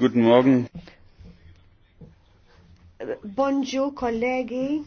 Guten Morgen. Bonjour, colleghi.